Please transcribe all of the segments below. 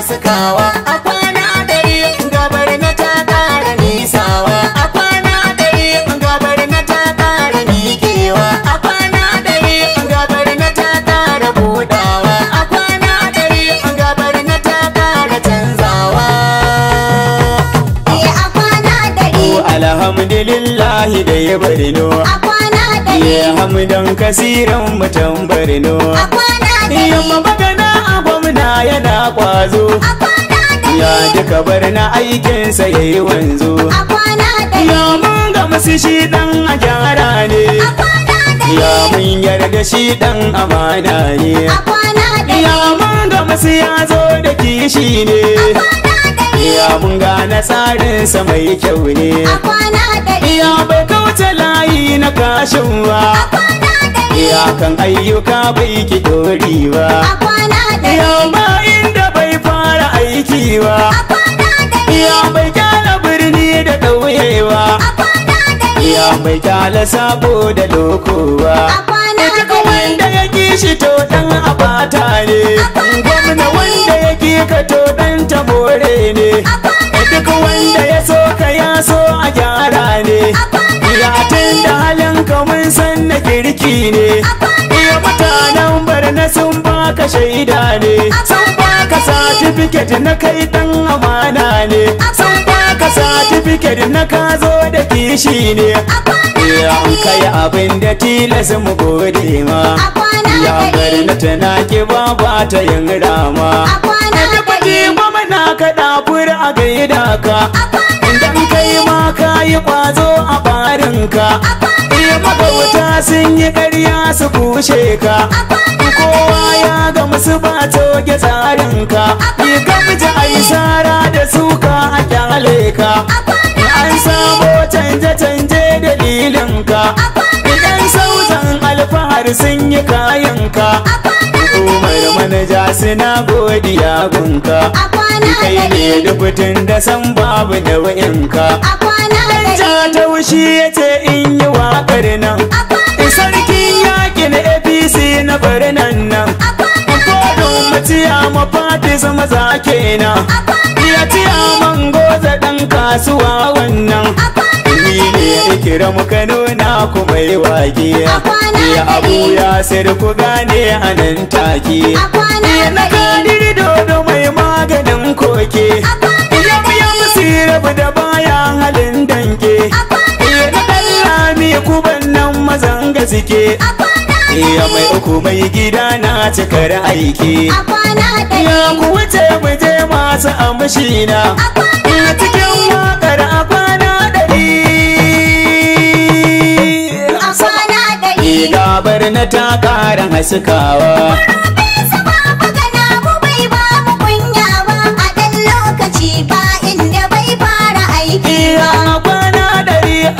na sukawa a kwana dari gabar na ta kara nisawa a kwana dari gabar na ta kara miƙewa a kwana dari gabar na ta kara budawa a kwana dari gabar na ta kara canzawa eh, a kwana dari alhamdulillahi da ya bari no a kwana dari eh, hamdan kasiran mutan barino. a kwana dari yana kwazo ya ji kabar na aikinsa ya yi wanzo ya mun ga musu shi dan a gyara ne ya mun yarda shi dan amana ne ya mun ga musu ya zo da kishi ne ya mun ga nasarinsa mai kyau ne ya bai kauce layi na kashin ba iyakan ayyuka bai ki dori ba yamma inda bai fara aiki ba iya bai kyala birni da ɗauyewa. ba iya bai kyala sabo da loko ba duk wanda ya ki shi to ɗan abata ne gwamna wanda ya ki ka to dan tabore ne kirki ne iya mutanen barna sun baka shaida ne sun baka satifiket na kai dan amana ne sun baka satifiket na ka zo da kishi ne iya an kai abin da tilas mu gode ma ya barna tana ki ba ta yin rama aka kaɗa a gaida ka idan kai ma ka yi ƙwazo a ka iya eh, magauta sun yi ƙarya su kushe ka kowa ya ga musu ba toge tsarinka yi gamji a yi sara da suka a kyale ka an samo canje-canje dalilin ka. idan sautan alfahar sun yi kayan ka. umar manaja suna godiya gunka kai ne dubutin da san babu da wa'inka dan ta wushi ya ce in yi waƙar nan sarkin yakin apc na bari nan nan kodin matiya fati zama za kenan ya tiya mango za ɗan kasuwa wannan kiram kano na ku mai wage ya abu ya sai ku gane a nan take ya na da dodo mai maganin koke ya biya musu rabu da baya halin dange ya na lami kuban nan mazan gaske ya mai uku mai gida na cika aiki ya ku ce mu je masu amshina masu kawa Iya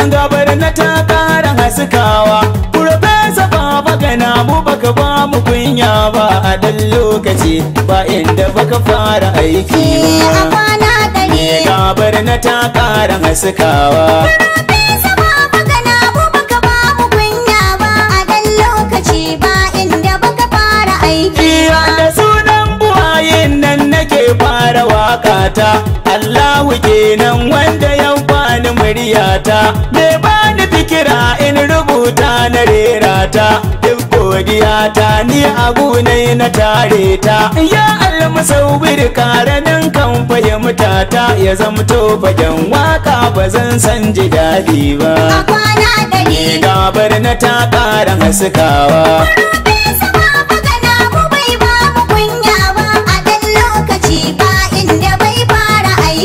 kwana ɗari na ta ƙara haskawa Profesa baba gana mu baka bamu a lokaci ba inda baka fara aiki ba a kwana gabar na ta ƙara haskawa godiya da sunan buwayen nan nake fara wakata Allahu kenan wanda ya bani muryata me bani fikira in rubuta na rera ta duk godiya ta ni abu nai na tare ta ya almusawwir karanin kan fahimta ta ya zamto fagen waka ba zan san ji ba a kwana gabar na ta ƙara haskawa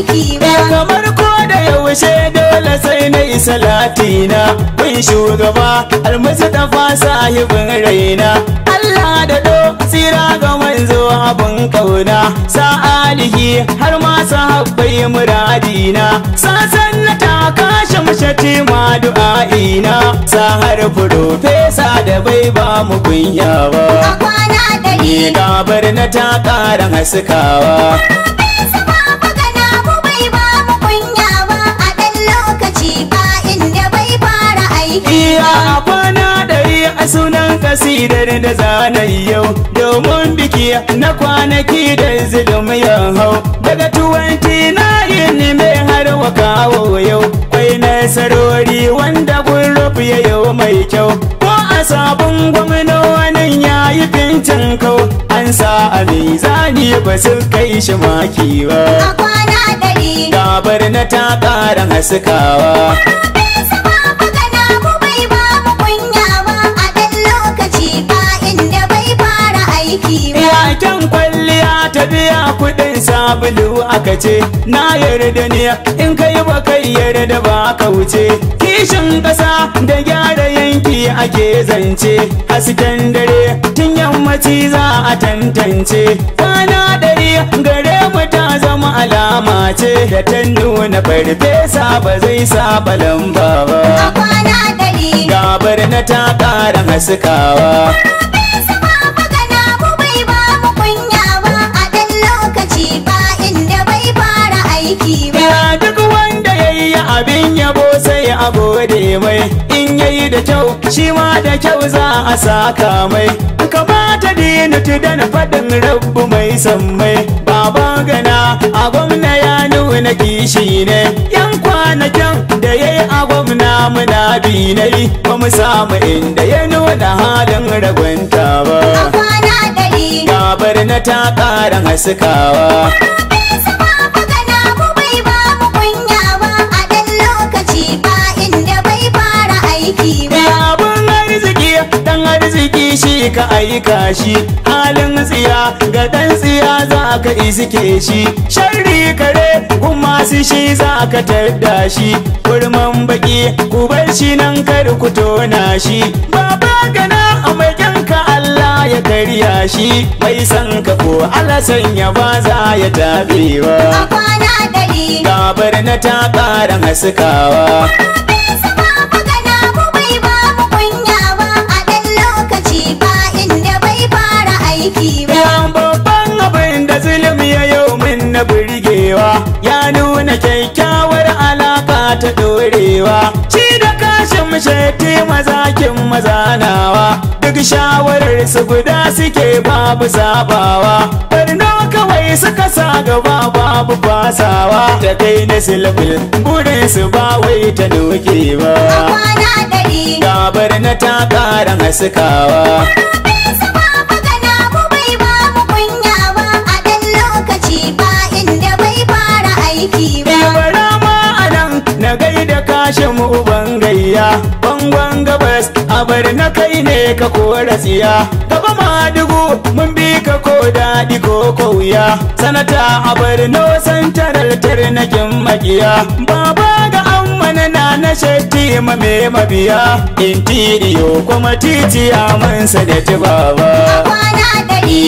ciki ba eh, kamar ko da yaushe dole sai na yi na kun shugaba almusu ta fasa hibin raina Allah da do sira ga manzo abin kauna sa'alihi har ma sahabbai muradina sasan na ta kashe mushati ma du'a'ina sa har fesa da bai ba mu kunya ba a kwana da ni gabar na ta ƙara haskawa kasidar da zana yau domin biki na kwanaki da zulum ya hau daga tuwanti na ni mai har wa kawo yau kwai sarori wanda kun ya yau mai kyau ko a sabon gwamnonin ya yi fincin kau an sa a mizani ba su kai shi maki ba a kwana dari gabar na ta ƙara haskawa waken kwalliya ta biya kudin sabulu aka ce na yarda niya in kai ba kai yarda ba ka wuce kishin ƙasa da gyara yanki ake zance hasken dare tun yammaci za a tantance kwana ɗari gare mu ta zama alama ce da ta nuna farfesa ba zai saba lamba ba a kwana ɗari gabar na ta ƙara haskawa abin yabo sai a gode mai in yayi da kyau shi ma da kyau za a saka mai kamata dinuti da na faɗin rabu mai sammai baba gana a gwamna ya nuna kishi ne yan kwanakin da ya yi a gwamna muna binai ba mu samu inda ya nuna halin ragwanta ba ga na ta ƙara haskawa ka aika shi halin tsiya ga dan tsiya za ka iske shi sharri kare kuma su shi za ka tarda shi kurman baki ku bar shi nan kar ku tona shi baba gana a mai ka Allah ya karya shi mai san ka ko alasan ya ba za ya tabewa a kwana dari gabar na ta ƙara haskawa ta dorewa ci da kashin shaiti mazakin mazanawa duk shawarar su guda suke babu sabawa barno kawai suka sa gaba babu fasawa ta kai na silbil burin su ba wai ta doke ba ga barna ta ƙara haskawa mu uban gayya bangon gabas abar na kai ne ka kora tsiya gaba madugu mun bi ka ko daɗi ko kauya sanata abar no santarar tarnakin makiya baba ga Amma na na shetti ma me mabiya intiriyo kuma titiya mansa da tibaba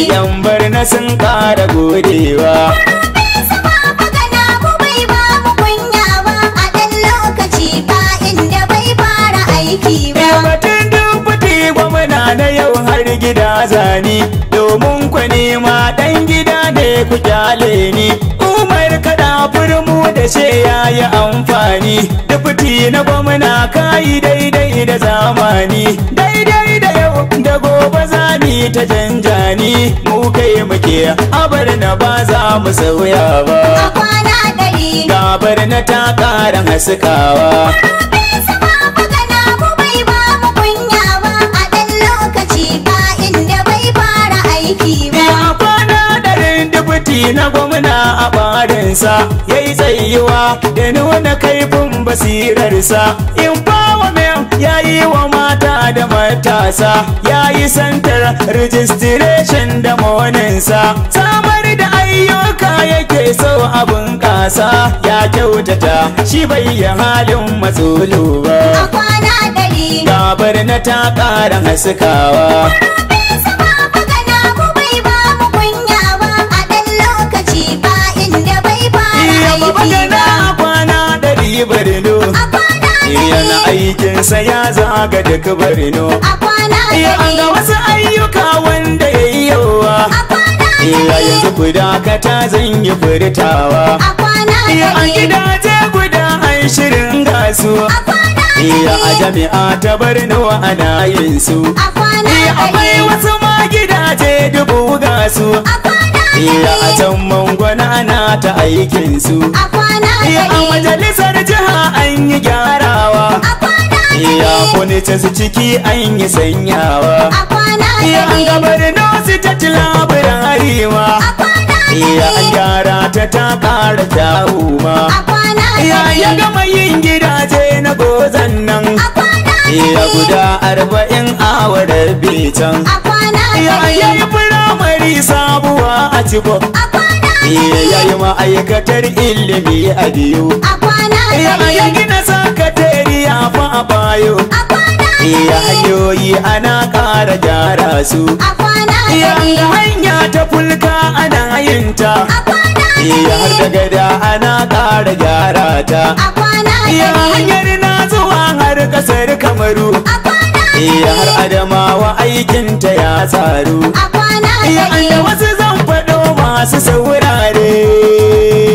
yan barna sun ƙara godewa zani domin ku nema dan gida ne ku kyale ni umar kada furmu da ce yayi amfani da fiti na gwamna kai daidai da zamani daidai da yau da gobe zani ta janjani mu kai muke abar na ba za mu sauya ba gabar na ta karan haskawa na gwamna a ɓarinsa ya yi tsayuwa da nuna kaifin basirarsa bawa ya yi wa mata da matasa ya yi santar registration da moninsa samar da ayyuka yake so abin kasa ya kyautata shi bai yi halin matsolo ba a kwana gari gabar na ta ƙara haskawa Babagana kwana ɗari barino Yana aikinsa ya zaga duk barino Ya an ga wasu ayyuka wanda ya yi yawa Ya yanzu guda kata zan yi furtawa Ya an gidaje guda an shirin gasu Iya a jami'a ta barno ana yin su Iya akwai wasu ma gidaje dubu gasu Iya a can mangwana na ta aikin su. Iya a majalisar jiha an yi gyarawa. Iya can su ciki an yi sanyawa. Iya an gabar nosi ta ci labarin harima. Iya an gyara ta ta kara ta huma. Iya ya gama yin gidaje na goza. Ya guda arba'in a wadar bitan Ya yi firamari sabuwa a Chibok ya yi ma'aikatar ilimi a biyu Ya ya gina sakatariya fa a bayo Ya hanyoyi ana ƙara gyara su Ya hanya ta fulka ana yinta iya har da gada ana ƙara gyara ta iya hanyar na zuwa har kasar kamaru iya har adamawa aikinta ya tsaru iya da wasu zan faɗo masu saurare